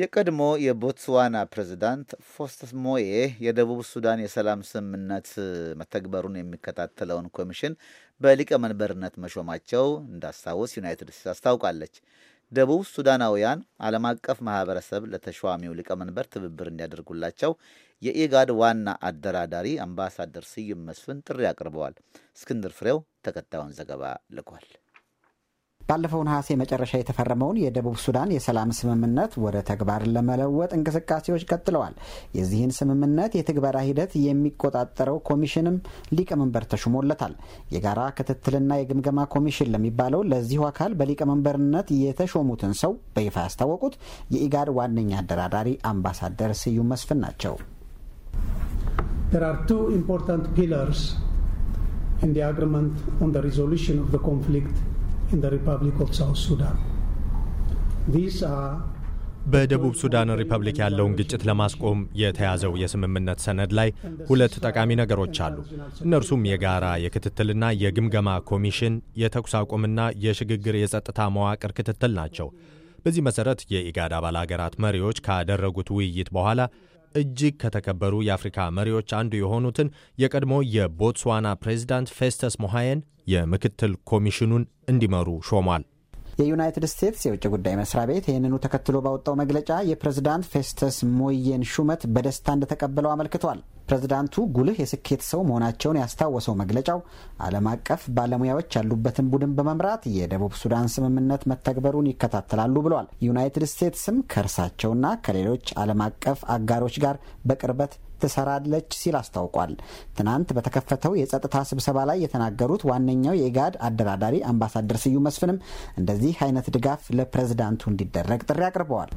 የቀድሞ የቦትስዋና ፕሬዚዳንት ፎስተስ ሞዬ የደቡብ ሱዳን የሰላም ስምምነት መተግበሩን የሚከታተለውን ኮሚሽን በሊቀመንበርነት መሾማቸው እንዳስታውስ ዩናይትድ ስቴትስ አስታውቃለች። ደቡብ ሱዳናውያን ዓለም አቀፍ ማህበረሰብ ለተሿሚው ሊቀመንበር ትብብር እንዲያደርጉላቸው የኢጋድ ዋና አደራዳሪ አምባሳደር ስዩም መስፍን ጥሪ አቅርበዋል። እስክንድር ፍሬው ተከታዩን ዘገባ ልኳል። ባለፈው ነሐሴ መጨረሻ የተፈረመውን የደቡብ ሱዳን የሰላም ስምምነት ወደ ተግባር ለመለወጥ እንቅስቃሴዎች ቀጥለዋል። የዚህን ስምምነት የትግበራ ሂደት የሚቆጣጠረው ኮሚሽንም ሊቀመንበር ተሹሞለታል። የጋራ ክትትልና የግምገማ ኮሚሽን ለሚባለው ለዚሁ አካል በሊቀመንበርነት የተሾሙትን ሰው በይፋ ያስታወቁት የኢጋድ ዋነኛ አደራዳሪ አምባሳደር ስዩም መስፍን ናቸው። ኢምፖርታንት ፒለርስ ኢን ዘ አግሪመንት ሪዞሉሽን ኮንፍሊክት in the Republic of South Sudan. These are በደቡብ ሱዳን ሪፐብሊክ ያለውን ግጭት ለማስቆም የተያዘው የስምምነት ሰነድ ላይ ሁለት ጠቃሚ ነገሮች አሉ። እነርሱም የጋራ የክትትልና የግምገማ ኮሚሽን፣ የተኩስ አቁምና የሽግግር የጸጥታ መዋቅር ክትትል ናቸው። በዚህ መሠረት የኢጋድ አባል አገራት መሪዎች ካደረጉት ውይይት በኋላ እጅግ ከተከበሩ የአፍሪካ መሪዎች አንዱ የሆኑትን የቀድሞ የቦትስዋና ፕሬዚዳንት ፌስተስ ሞሃየን የምክትል ኮሚሽኑን እንዲመሩ ሾሟል። የዩናይትድ ስቴትስ የውጭ ጉዳይ መስሪያ ቤት ይህንኑ ተከትሎ ባወጣው መግለጫ የፕሬዝዳንት ፌስተስ ሞየን ሹመት በደስታ እንደተቀበለው አመልክቷል። ፕሬዝዳንቱ ጉልህ የስኬት ሰው መሆናቸውን ያስታወሰው መግለጫው ዓለም አቀፍ ባለሙያዎች ያሉበትን ቡድን በመምራት የደቡብ ሱዳን ስምምነት መተግበሩን ይከታተላሉ ብሏል። ዩናይትድ ስቴትስም ከእርሳቸውና ከሌሎች ዓለም አቀፍ አጋሮች ጋር በቅርበት ትሰራለች ሲል አስታውቋል። ትናንት በተከፈተው የጸጥታ ስብሰባ ላይ የተናገሩት ዋነኛው የኢጋድ አደራዳሪ አምባሳደር ስዩም መስፍንም እንደዚህ አይነት ድጋፍ ለፕሬዝዳንቱ እንዲደረግ ጥሪ አቅርበዋል።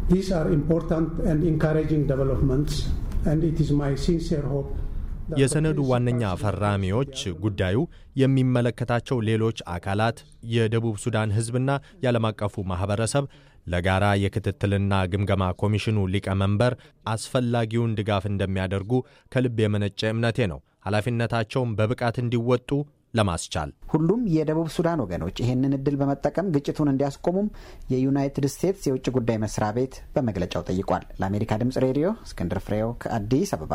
የሰነዱ ዋነኛ ፈራሚዎች ጉዳዩ የሚመለከታቸው ሌሎች አካላት፣ የደቡብ ሱዳን ሕዝብና የዓለም አቀፉ ማኅበረሰብ ለጋራ የክትትልና ግምገማ ኮሚሽኑ ሊቀመንበር አስፈላጊውን ድጋፍ እንደሚያደርጉ ከልብ የመነጨ እምነቴ ነው። ኃላፊነታቸውን በብቃት እንዲወጡ ለማስቻል ሁሉም የደቡብ ሱዳን ወገኖች ይህንን እድል በመጠቀም ግጭቱን እንዲያስቆሙም የዩናይትድ ስቴትስ የውጭ ጉዳይ መስሪያ ቤት በመግለጫው ጠይቋል። ለአሜሪካ ድምጽ ሬዲዮ እስክንድር ፍሬው ከአዲስ አበባ